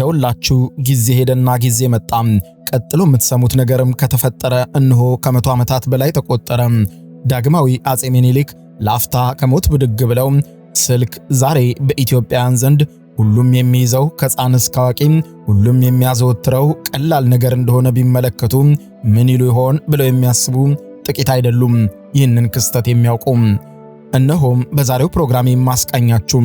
ይሄውላችሁ ጊዜ ሄደና ጊዜ መጣም። ቀጥሎ የምትሰሙት ነገርም ከተፈጠረ እንሆ ከመቶ ዓመታት በላይ ተቆጠረ። ዳግማዊ አጼ ምኒልክ ላፍታ ከሞት ብድግ ብለው ስልክ ዛሬ በኢትዮጵያውያን ዘንድ ሁሉም የሚይዘው ከሕፃን እስከ አዋቂ ሁሉም የሚያዘወትረው ቀላል ነገር እንደሆነ ቢመለከቱ ምን ይሉ ይሆን ብለው የሚያስቡ ጥቂት አይደሉም ይህንን ክስተት የሚያውቁ። እነሆም በዛሬው ፕሮግራም የማስቃኛችሁ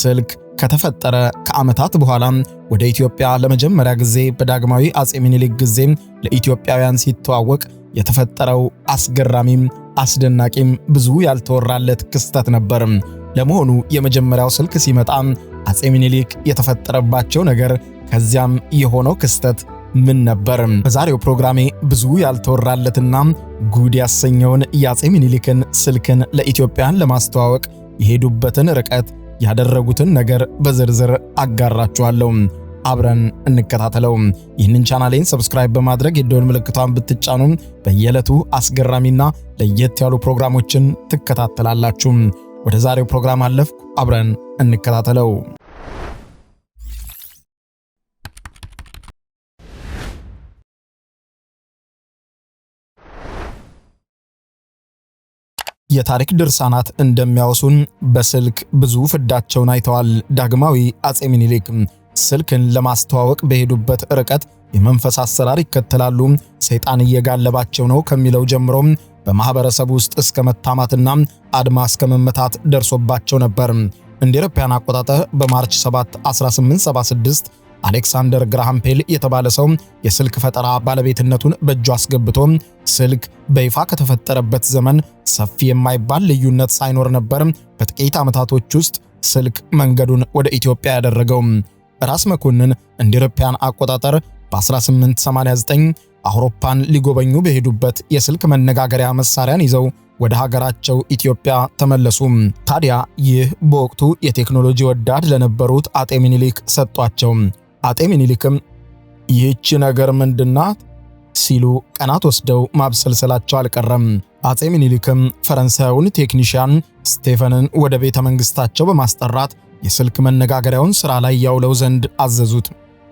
ስልክ ከተፈጠረ ከዓመታት በኋላ ወደ ኢትዮጵያ ለመጀመሪያ ጊዜ በዳግማዊ አጼ ምኒልክ ጊዜ ለኢትዮጵያውያን ሲተዋወቅ የተፈጠረው አስገራሚም አስደናቂም ብዙ ያልተወራለት ክስተት ነበር። ለመሆኑ የመጀመሪያው ስልክ ሲመጣ አጼ ምኒልክ የተፈጠረባቸው ነገር ከዚያም የሆነው ክስተት ምን ነበር? በዛሬው ፕሮግራሜ ብዙ ያልተወራለትና ጉድ ያሰኘውን የአጼ ምኒልክን ስልክን ለኢትዮጵያን ለማስተዋወቅ የሄዱበትን ርቀት ያደረጉትን ነገር በዝርዝር አጋራችኋለሁ። አብረን እንከታተለው። ይህንን ቻናሌን ሰብስክራይብ በማድረግ የደወል ምልክቷን ብትጫኑ በየዕለቱ አስገራሚና ለየት ያሉ ፕሮግራሞችን ትከታተላላችሁ። ወደ ዛሬው ፕሮግራም አለፍኩ። አብረን እንከታተለው። የታሪክ ድርሳናት እንደሚያወሱን በስልክ ብዙ ፍዳቸውን አይተዋል። ዳግማዊ አጼ ምኒልክ ስልክን ለማስተዋወቅ በሄዱበት ርቀት የመንፈስ አሰራር ይከተላሉ። ሰይጣን እየጋለባቸው ነው ከሚለው ጀምሮ በማህበረሰብ ውስጥ እስከ መታማትና አድማ እስከ መመታት ደርሶባቸው ነበር። እንደ አውሮፓውያን አቆጣጠር በማርች 7 1876 አሌክሳንደር ግራሃም ፔል የተባለ ሰው የስልክ ፈጠራ ባለቤትነቱን በእጁ አስገብቶ ስልክ በይፋ ከተፈጠረበት ዘመን ሰፊ የማይባል ልዩነት ሳይኖር ነበር በጥቂት ዓመታቶች ውስጥ ስልክ መንገዱን ወደ ኢትዮጵያ ያደረገው። ራስ መኮንን እንደ አውሮፓውያን አቆጣጠር በ1889 አውሮፓን ሊጎበኙ በሄዱበት የስልክ መነጋገሪያ መሳሪያን ይዘው ወደ ሀገራቸው ኢትዮጵያ ተመለሱ። ታዲያ ይህ በወቅቱ የቴክኖሎጂ ወዳድ ለነበሩት አጤ ምኒልክ ሰጧቸው። አጤ ምኒልክም ይህች ነገር ምንድናት ሲሉ ቀናት ወስደው ማብሰልሰላቸው አልቀረም። አጼ ምኒልክም ፈረንሳዩን ቴክኒሽያን ስቴፈንን ወደ ቤተ መንግሥታቸው በማስጠራት የስልክ መነጋገሪያውን ሥራ ላይ ያውለው ዘንድ አዘዙት።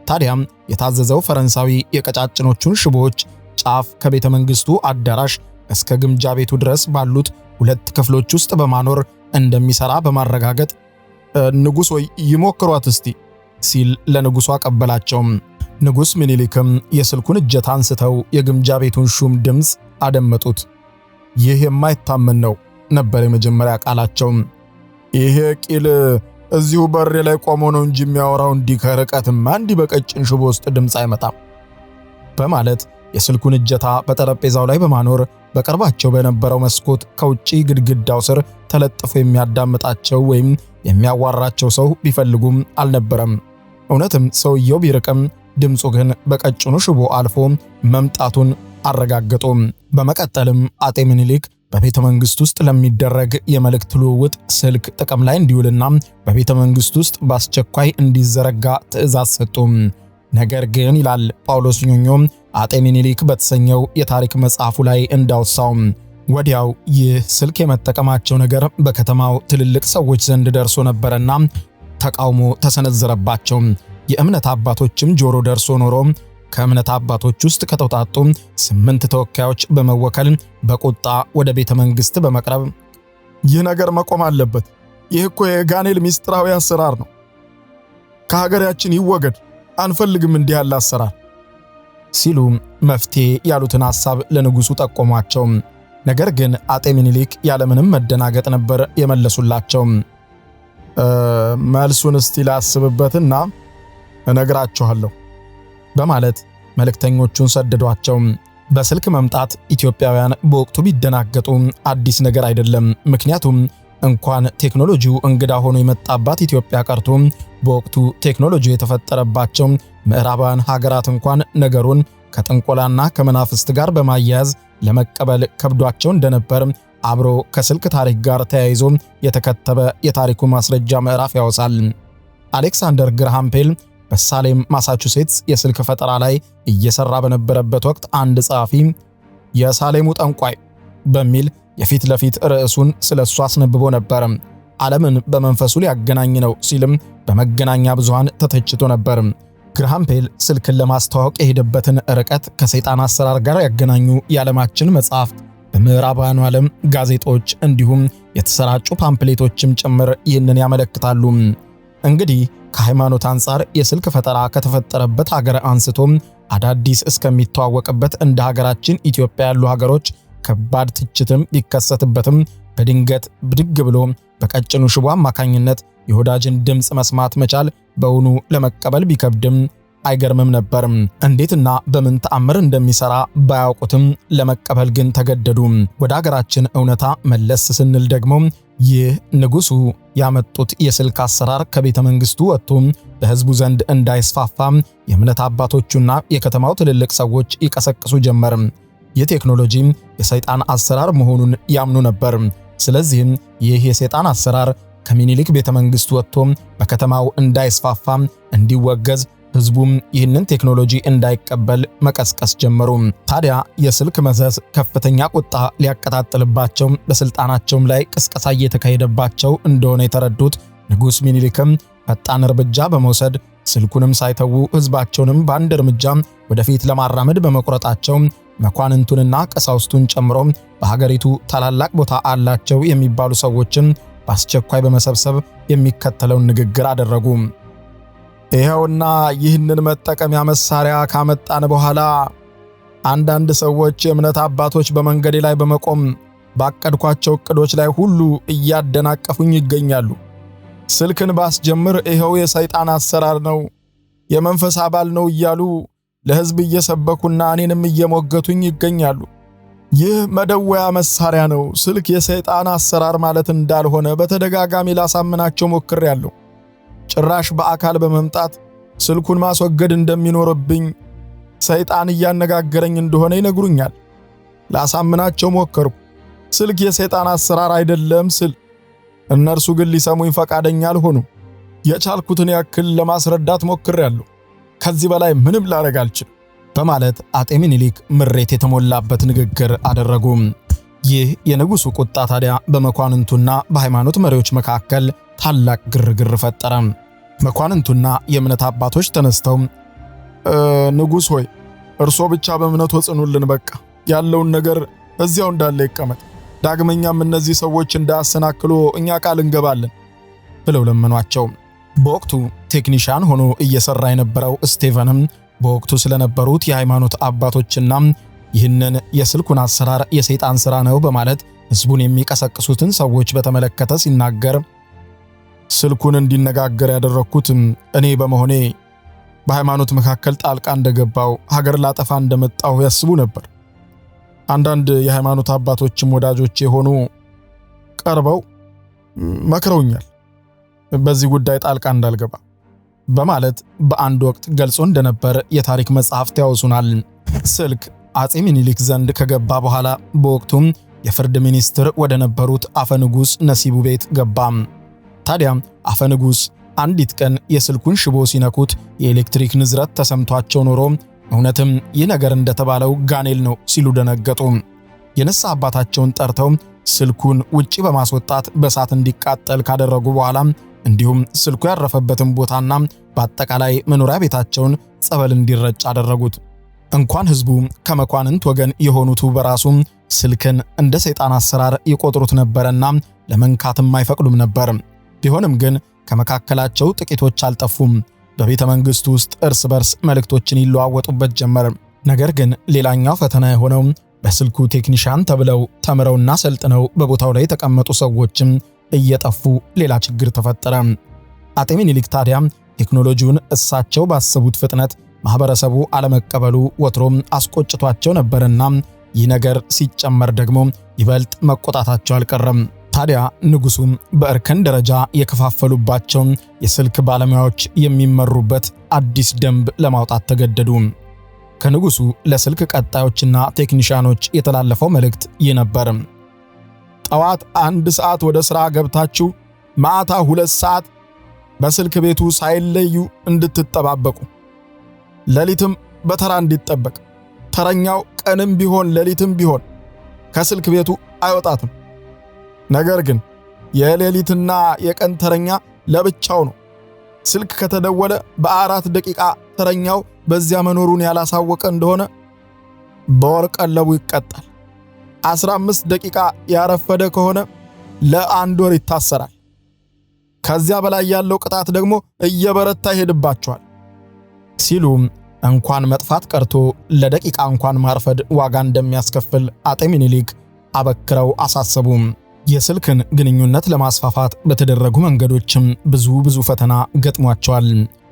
ታዲያም የታዘዘው ፈረንሳዊ የቀጫጭኖቹን ሽቦዎች ጫፍ ከቤተ መንግሥቱ አዳራሽ እስከ ግምጃ ቤቱ ድረስ ባሉት ሁለት ክፍሎች ውስጥ በማኖር እንደሚሠራ በማረጋገጥ ንጉሥ ወይ ይሞክሯት እስቲ ሲል ለንጉሱ አቀበላቸው። ንጉስ ምኒልክም የስልኩን እጀታ አንስተው የግምጃ ቤቱን ሹም ድምፅ አደመጡት። ይህ የማይታመን ነው ነበር የመጀመሪያ ቃላቸው። ይሄ ቂል እዚሁ በሬ ላይ ቆሞ ነው እንጂ የሚያወራው እንዲህ ከርቀትማ እንዲህ በቀጭን ሽቦ ውስጥ ድምፅ አይመጣም በማለት የስልኩን እጀታ በጠረጴዛው ላይ በማኖር በቅርባቸው በነበረው መስኮት ከውጪ ግድግዳው ስር ተለጥፎ የሚያዳምጣቸው ወይም የሚያዋራቸው ሰው ቢፈልጉም አልነበረም። እውነትም ሰውየው ቢርቅም ድምፁ ግን በቀጭኑ ሽቦ አልፎ መምጣቱን አረጋገጡ። በመቀጠልም አጤ ምኒልክ በቤተ መንግስት ውስጥ ለሚደረግ የመልእክት ልውውጥ ስልክ ጥቅም ላይ እንዲውልና በቤተ መንግስት ውስጥ በአስቸኳይ እንዲዘረጋ ትእዛዝ ሰጡ። ነገር ግን ይላል ጳውሎስ ኞኞ አጤ ምኒልክ በተሰኘው የታሪክ መጽሐፉ ላይ እንዳወሳው ወዲያው ይህ ስልክ የመጠቀማቸው ነገር በከተማው ትልልቅ ሰዎች ዘንድ ደርሶ ነበረና ተቃውሞ ተሰነዘረባቸው። የእምነት አባቶችም ጆሮ ደርሶ ኖሮ ከእምነት አባቶች ውስጥ ከተውጣጡ ስምንት ተወካዮች በመወከል በቁጣ ወደ ቤተ መንግስት በመቅረብ ይህ ነገር መቆም አለበት፣ ይህ እኮ የጋኔል ሚስጥራዊ አሰራር ነው፣ ከሀገራችን ይወገድ፣ አንፈልግም እንዲህ ያለ አሰራር ሲሉ መፍትሄ ያሉትን ሐሳብ ለንጉሡ ጠቆሟቸው። ነገር ግን አጤ ምኒልክ ያለምንም መደናገጥ ነበር የመለሱላቸው። መልሱን እስቲ ላስብበትና እነግራችኋለሁ በማለት መልእክተኞቹን ሰደዷቸው። በስልክ መምጣት ኢትዮጵያውያን በወቅቱ ቢደናገጡ አዲስ ነገር አይደለም። ምክንያቱም እንኳን ቴክኖሎጂው እንግዳ ሆኖ የመጣባት ኢትዮጵያ ቀርቶ በወቅቱ ቴክኖሎጂ የተፈጠረባቸው ምዕራባውያን ሀገራት እንኳን ነገሩን ከጥንቆላና ከመናፍስት ጋር በማያያዝ ለመቀበል ከብዷቸው እንደነበር አብሮ ከስልክ ታሪክ ጋር ተያይዞ የተከተበ የታሪኩ ማስረጃ ምዕራፍ ያወሳል። አሌክሳንደር ግርሃም ፔል በሳሌም ማሳቹሴትስ የስልክ ፈጠራ ላይ እየሰራ በነበረበት ወቅት አንድ ጸሐፊ የሳሌሙ ጠንቋይ በሚል የፊት ለፊት ርዕሱን ስለሱ አስነብቦ ነበር። ዓለምን በመንፈሱ ሊያገናኝ ነው ሲልም በመገናኛ ብዙሃን ተተችቶ ነበር። ግርሃም ፔል ስልክን ለማስተዋወቅ የሄደበትን ርቀት ከሰይጣን አሰራር ጋር ያገናኙ የዓለማችን መጽሐፍት በምዕራባውያኑ ዓለም ጋዜጦች እንዲሁም የተሰራጩ ፓምፕሌቶችም ጭምር ይህንን ያመለክታሉ። እንግዲህ ከሃይማኖት አንጻር የስልክ ፈጠራ ከተፈጠረበት ሀገር አንስቶም አዳዲስ እስከሚተዋወቅበት እንደ ሀገራችን ኢትዮጵያ ያሉ ሀገሮች ከባድ ትችትም ቢከሰትበትም በድንገት ብድግ ብሎ በቀጭኑ ሽቦ አማካኝነት የወዳጅን ድምፅ መስማት መቻል በውኑ ለመቀበል ቢከብድም አይገርምም ነበር። እንዴትና በምን ተአምር እንደሚሰራ ባያውቁትም ለመቀበል ግን ተገደዱ። ወደ አገራችን እውነታ መለስ ስንል ደግሞ ይህ ንጉሱ ያመጡት የስልክ አሰራር ከቤተ መንግስቱ ወጥቶ በህዝቡ ዘንድ እንዳይስፋፋ የእምነት አባቶቹና የከተማው ትልልቅ ሰዎች ይቀሰቅሱ ጀመር። ይህ ቴክኖሎጂ የሰይጣን አሰራር መሆኑን ያምኑ ነበር። ስለዚህም ይህ የሰይጣን አሰራር ከሚኒሊክ ቤተ መንግስቱ ወጥቶ በከተማው እንዳይስፋፋ እንዲወገዝ ህዝቡም ይህንን ቴክኖሎጂ እንዳይቀበል መቀስቀስ ጀመሩ። ታዲያ የስልክ መዘዝ ከፍተኛ ቁጣ ሊያቀጣጥልባቸው በስልጣናቸውም ላይ ቅስቀሳ እየተካሄደባቸው እንደሆነ የተረዱት ንጉሥ ሚኒሊክም ፈጣን እርምጃ በመውሰድ ስልኩንም ሳይተዉ ህዝባቸውንም በአንድ እርምጃ ወደፊት ለማራመድ በመቁረጣቸው መኳንንቱንና ቀሳውስቱን ጨምሮ በሀገሪቱ ታላላቅ ቦታ አላቸው የሚባሉ ሰዎችን በአስቸኳይ በመሰብሰብ የሚከተለውን ንግግር አደረጉ። ይኸውና ይህንን መጠቀሚያ መሳሪያ ካመጣን በኋላ አንዳንድ ሰዎች የእምነት አባቶች በመንገዴ ላይ በመቆም ባቀድኳቸው እቅዶች ላይ ሁሉ እያደናቀፉኝ ይገኛሉ። ስልክን ባስጀምር ይኸው የሰይጣን አሰራር ነው፣ የመንፈስ አባል ነው እያሉ ለሕዝብ እየሰበኩና እኔንም እየሞገቱኝ ይገኛሉ። ይህ መደወያ መሳሪያ ነው፣ ስልክ የሰይጣን አሰራር ማለት እንዳልሆነ በተደጋጋሚ ላሳምናቸው ሞክሬያለሁ። ጭራሽ በአካል በመምጣት ስልኩን ማስወገድ እንደሚኖርብኝ ሰይጣን እያነጋገረኝ እንደሆነ ይነግሩኛል። ላሳምናቸው ሞከርኩ። ስልክ የሰይጣን አሰራር አይደለም ስል፣ እነርሱ ግን ሊሰሙኝ ፈቃደኛ አልሆኑም። የቻልኩትን ያክል ለማስረዳት ሞክሬያለሁ። ከዚህ በላይ ምንም ላረግ አልችልም በማለት አጤ ምኒልክ ምሬት የተሞላበት ንግግር አደረጉም። ይህ የንጉሱ ቁጣ ታዲያ በመኳንንቱና በሃይማኖት መሪዎች መካከል ታላቅ ግርግር ፈጠረ። መኳንንቱና የእምነት አባቶች ተነስተው ንጉሥ ሆይ እርሶ ብቻ በእምነት ወጽኑልን፣ በቃ ያለውን ነገር እዚያው እንዳለ ይቀመጥ፣ ዳግመኛም እነዚህ ሰዎች እንዳያሰናክሎ እኛ ቃል እንገባለን ብለው ለመኗቸው። በወቅቱ ቴክኒሻን ሆኖ እየሰራ የነበረው ስቴቨንም በወቅቱ ስለነበሩት የሃይማኖት አባቶችና ይህንን የስልኩን አሰራር የሰይጣን ሥራ ነው በማለት ህዝቡን የሚቀሰቅሱትን ሰዎች በተመለከተ ሲናገር ስልኩን እንዲነጋገር ያደረግኩት እኔ በመሆኔ በሃይማኖት መካከል ጣልቃ እንደገባው ሀገር ላጠፋ እንደመጣሁ ያስቡ ነበር። አንዳንድ የሃይማኖት አባቶችም ወዳጆች የሆኑ ቀርበው መክረውኛል በዚህ ጉዳይ ጣልቃ እንዳልገባ በማለት በአንድ ወቅት ገልጾ እንደነበር የታሪክ መጽሐፍት ያወሱናል። ስልክ አጼ ምኒልክ ዘንድ ከገባ በኋላ በወቅቱም የፍርድ ሚኒስትር ወደ ነበሩት አፈ ንጉሥ ነሲቡ ቤት ገባም። ታዲያ አፈ ንጉስ አንዲት ቀን የስልኩን ሽቦ ሲነኩት የኤሌክትሪክ ንዝረት ተሰምቷቸው ኖሮ እውነትም ይህ ነገር እንደተባለው ጋኔል ነው ሲሉ ደነገጡ። የነሳ አባታቸውን ጠርተው ስልኩን ውጪ በማስወጣት በእሳት እንዲቃጠል ካደረጉ በኋላ እንዲሁም ስልኩ ያረፈበትን ቦታና በአጠቃላይ መኖሪያ ቤታቸውን ጸበል እንዲረጭ አደረጉት። እንኳን ህዝቡ ከመኳንንት ወገን የሆኑቱ በራሱ ስልክን እንደ ሰይጣን አሰራር ይቆጥሩት ነበረና ለመንካትም አይፈቅዱም ነበር። ቢሆንም ግን ከመካከላቸው ጥቂቶች አልጠፉም። በቤተ መንግሥቱ ውስጥ እርስ በርስ መልእክቶችን ይለዋወጡበት ጀመር። ነገር ግን ሌላኛው ፈተና የሆነው በስልኩ ቴክኒሻን ተብለው ተምረውና ሰልጥነው በቦታው ላይ የተቀመጡ ሰዎችም እየጠፉ ሌላ ችግር ተፈጠረ። አጤ ሚኒሊክ ታዲያ ቴክኖሎጂውን እሳቸው ባሰቡት ፍጥነት ማህበረሰቡ አለመቀበሉ ወትሮም አስቆጭቷቸው ነበርና ይህ ነገር ሲጨመር ደግሞ ይበልጥ መቆጣታቸው አልቀረም። ታዲያ ንጉሱም በእርከን ደረጃ የከፋፈሉባቸውን የስልክ ባለሙያዎች የሚመሩበት አዲስ ደንብ ለማውጣት ተገደዱ። ከንጉሱ ለስልክ ቀጣዮችና ቴክኒሽያኖች የተላለፈው መልእክት ይህ ነበር። ጠዋት አንድ ሰዓት ወደ ሥራ ገብታችሁ ማታ ሁለት ሰዓት በስልክ ቤቱ ሳይለዩ እንድትጠባበቁ፣ ሌሊትም በተራ እንዲጠበቅ ተረኛው ቀንም ቢሆን ሌሊትም ቢሆን ከስልክ ቤቱ አይወጣትም። ነገር ግን የሌሊትና የቀን ተረኛ ለብቻው ነው። ስልክ ከተደወለ በአራት ደቂቃ ተረኛው በዚያ መኖሩን ያላሳወቀ እንደሆነ በወር ቀለቡ ይቀጣል። 15 ደቂቃ ያረፈደ ከሆነ ለአንድ ወር ይታሰራል። ከዚያ በላይ ያለው ቅጣት ደግሞ እየበረታ ይሄድባቸዋል ሲሉም እንኳን መጥፋት ቀርቶ ለደቂቃ እንኳን ማርፈድ ዋጋ እንደሚያስከፍል አጤ ሚኒሊክ አበክረው አሳሰቡም። የስልክን ግንኙነት ለማስፋፋት በተደረጉ መንገዶችም ብዙ ብዙ ፈተና ገጥሟቸዋል።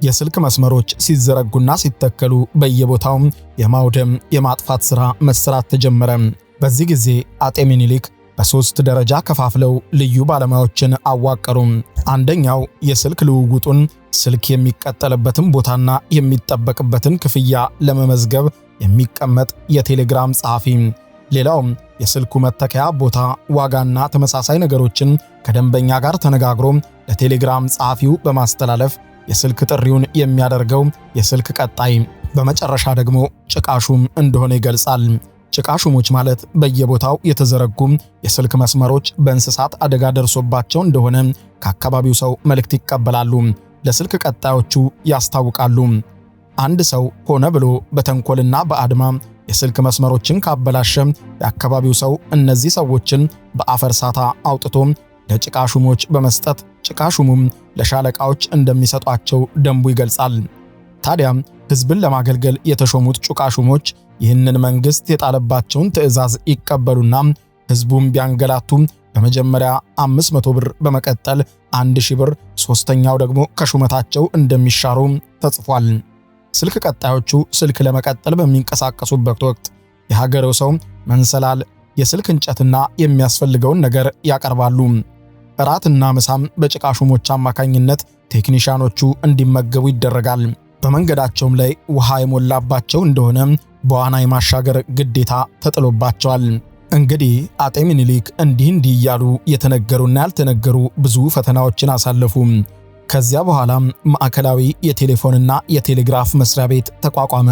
የስልክ መስመሮች ሲዘረጉና ሲተከሉ በየቦታው የማውደም የማጥፋት ሥራ መሰራት ተጀመረ። በዚህ ጊዜ አጤ ሚኒሊክ በሦስት ደረጃ ከፋፍለው ልዩ ባለሙያዎችን አዋቀሩ። አንደኛው የስልክ ልውውጡን ስልክ የሚቀጠልበትን ቦታና የሚጠበቅበትን ክፍያ ለመመዝገብ የሚቀመጥ የቴሌግራም ጸሐፊ ሌላው የስልኩ መተከያ ቦታ ዋጋና ተመሳሳይ ነገሮችን ከደንበኛ ጋር ተነጋግሮ ለቴሌግራም ጸሐፊው በማስተላለፍ የስልክ ጥሪውን የሚያደርገው የስልክ ቀጣይ በመጨረሻ ደግሞ ጭቃሹም እንደሆነ ይገልጻል። ጭቃሹሞች ማለት በየቦታው የተዘረጉ የስልክ መስመሮች በእንስሳት አደጋ ደርሶባቸው እንደሆነ ከአካባቢው ሰው መልእክት ይቀበላሉ፣ ለስልክ ቀጣዮቹ ያስታውቃሉ። አንድ ሰው ሆነ ብሎ በተንኮልና በአድማ የስልክ መስመሮችን ካበላሸም የአካባቢው ሰው እነዚህ ሰዎችን በአፈር ሳታ አውጥቶ ለጭቃ ሹሞች በመስጠት ጭቃ ሹሙም ለሻለቃዎች እንደሚሰጧቸው ደንቡ ይገልጻል። ታዲያም ህዝብን ለማገልገል የተሾሙት ጭቃ ሹሞች ይህንን መንግሥት የጣለባቸውን ትእዛዝ ይቀበሉና ህዝቡን ቢያንገላቱ በመጀመሪያ 500 ብር በመቀጠል 1000 ብር፣ ሶስተኛው ደግሞ ከሹመታቸው እንደሚሻሩ ተጽፏል። ስልክ ቀጣዮቹ ስልክ ለመቀጠል በሚንቀሳቀሱበት ወቅት የሀገሬው ሰው መንሰላል፣ የስልክ እንጨትና የሚያስፈልገውን ነገር ያቀርባሉ። እራትና ምሳም በጭቃ ሹሞች አማካኝነት ቴክኒሽያኖቹ እንዲመገቡ ይደረጋል። በመንገዳቸውም ላይ ውሃ የሞላባቸው እንደሆነ በዋና የማሻገር ግዴታ ተጥሎባቸዋል። እንግዲህ አጤ ምኒልክ እንዲህ እንዲህ እያሉ የተነገሩና ያልተነገሩ ብዙ ፈተናዎችን አሳለፉ። ከዚያ በኋላ ማዕከላዊ የቴሌፎንና የቴሌግራፍ መስሪያ ቤት ተቋቋመ።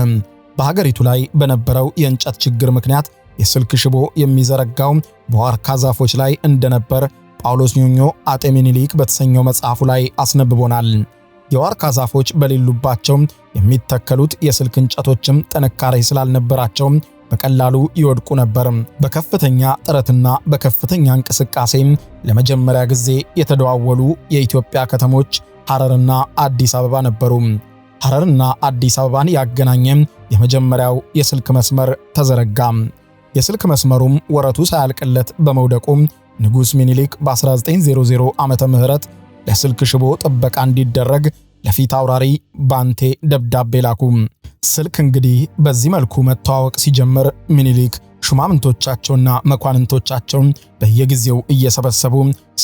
በሀገሪቱ ላይ በነበረው የእንጨት ችግር ምክንያት የስልክ ሽቦ የሚዘረጋው በዋርካ ዛፎች ላይ እንደነበር ጳውሎስ ኞኞ አጤ ሚኒሊክ በተሰኘው መጽሐፉ ላይ አስነብቦናል። የዋርካ ዛፎች በሌሉባቸው የሚተከሉት የስልክ እንጨቶችም ጥንካሬ ስላልነበራቸው በቀላሉ ይወድቁ ነበር። በከፍተኛ ጥረትና በከፍተኛ እንቅስቃሴም ለመጀመሪያ ጊዜ የተደዋወሉ የኢትዮጵያ ከተሞች ሐረርና አዲስ አበባ ነበሩ። ሐረርና አዲስ አበባን ያገናኘ የመጀመሪያው የስልክ መስመር ተዘረጋ። የስልክ መስመሩም ወረቱ ሳያልቅለት በመውደቁ ንጉሥ ሚኒሊክ በ1900 ዓ ም ለስልክ ሽቦ ጥበቃ እንዲደረግ ለፊት አውራሪ ባንቴ ደብዳቤ ላኩ። ስልክ እንግዲህ በዚህ መልኩ መተዋወቅ ሲጀምር ሚኒሊክ ሹማምንቶቻቸውና መኳንንቶቻቸውን በየጊዜው እየሰበሰቡ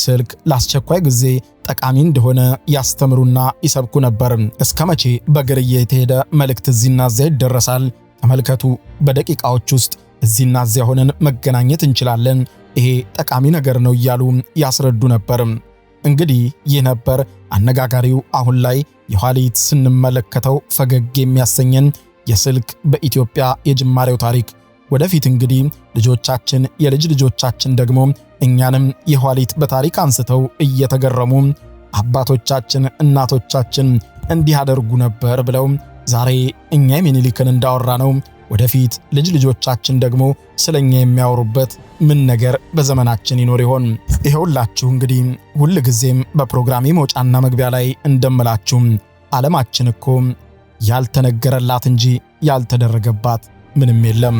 ስልክ ለአስቸኳይ ጊዜ ጠቃሚ እንደሆነ ያስተምሩና ይሰብኩ ነበር። እስከ መቼ በእግር እየተሄደ መልእክት እዚህና እዚያ ይደረሳል? ተመልከቱ፣ በደቂቃዎች ውስጥ እዚህና እዚያ ሆነን መገናኘት እንችላለን። ይሄ ጠቃሚ ነገር ነው እያሉ ያስረዱ ነበር። እንግዲህ ይህ ነበር አነጋጋሪው አሁን ላይ የኋሊት ስንመለከተው ፈገግ የሚያሰኘን የስልክ በኢትዮጵያ የጅማሬው ታሪክ ወደፊት እንግዲህ ልጆቻችን የልጅ ልጆቻችን ደግሞ እኛንም የኋሊት በታሪክ አንስተው እየተገረሙ አባቶቻችን እናቶቻችን እንዲህ አደርጉ ነበር ብለው ዛሬ እኛ የሚኒሊክን እንዳወራ ነው ወደፊት ልጅ ልጆቻችን ደግሞ ስለኛ የሚያወሩበት ምን ነገር በዘመናችን ይኖር ይሆን? ይኸውላችሁ እንግዲህ ሁል ጊዜም በፕሮግራሜ መውጫና መግቢያ ላይ እንደምላችሁም ዓለማችን እኮ ያልተነገረላት እንጂ ያልተደረገባት ምንም የለም።